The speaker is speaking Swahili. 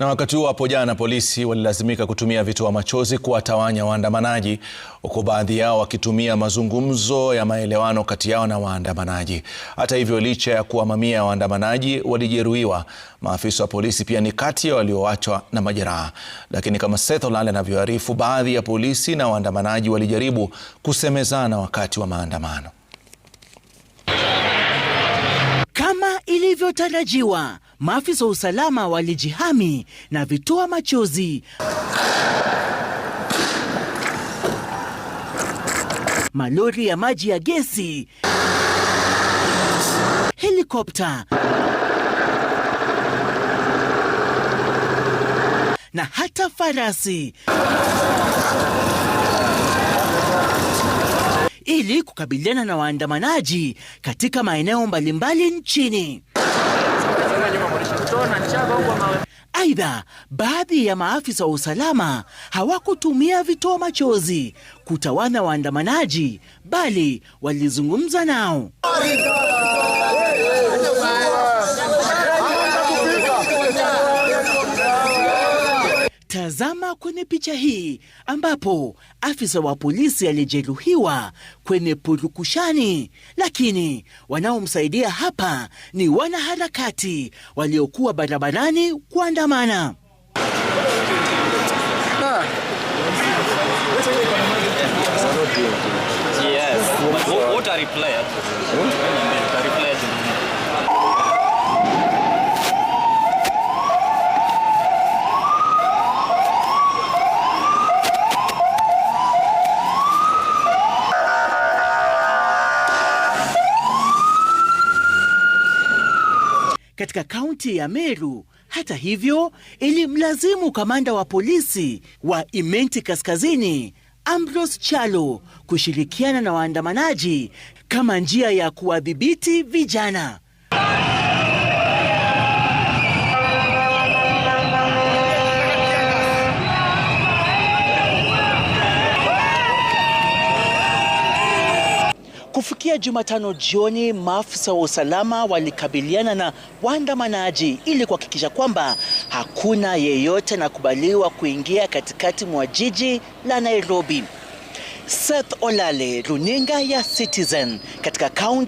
Na wakati huo hapo jana, polisi walilazimika kutumia vitoa machozi kuwatawanya waandamanaji, huku baadhi yao wakitumia mazungumzo ya maelewano kati yao na waandamanaji. Hata hivyo, licha ya kuwa mamia ya waandamanaji walijeruhiwa, maafisa wa polisi pia ni kati ya walioachwa na majeraha. Lakini kama Seth Olale anavyoarifu, baadhi ya polisi na waandamanaji walijaribu kusemezana wakati wa maandamano. Kama ilivyotarajiwa maafisa wa usalama walijihami na vitoa machozi. Malori ya maji ya gesi, helikopta na hata farasi ili kukabiliana na waandamanaji katika maeneo mbalimbali nchini. Aidha, baadhi ya maafisa wa usalama hawakutumia vitoa machozi kutawana waandamanaji, bali walizungumza nao. Tazama kwenye picha hii ambapo afisa wa polisi alijeruhiwa kwenye purukushani, lakini wanaomsaidia hapa ni wanaharakati waliokuwa barabarani kuandamana. katika kaunti ya Meru. Hata hivyo, ilimlazimu kamanda wa polisi wa Imenti Kaskazini Ambrose Chalo kushirikiana na waandamanaji kama njia ya kuwadhibiti vijana. Kufikia Jumatano jioni, maafisa wa usalama walikabiliana na waandamanaji ili kuhakikisha kwamba hakuna yeyote anakubaliwa kuingia katikati mwa jiji la Nairobi. Seth Olale, runinga ya Citizen katika kaunti